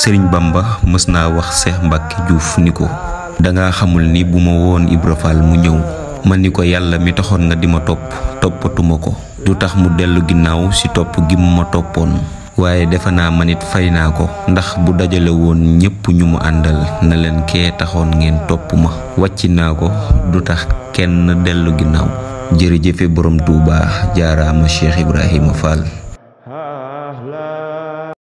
sëriñ bamba mës naa wax cheikh mbacke diouf ni ko danga xamul ni bu ma woon ibra mu ñëw ma ni ko yàlla mi taxoon nga di ma topp ko du tax mu dellu ginnaaw si topp gi mu ma toppoon waaye defe manit fay naa ko ndax bu dajale woon ñépp ñu mu àndal na leen kee taxoon ngeen topp ma wàcc naa ko du tax kenn dellu ginnaaw jërëjëfe borom jaaraama cheikh ibrahima fall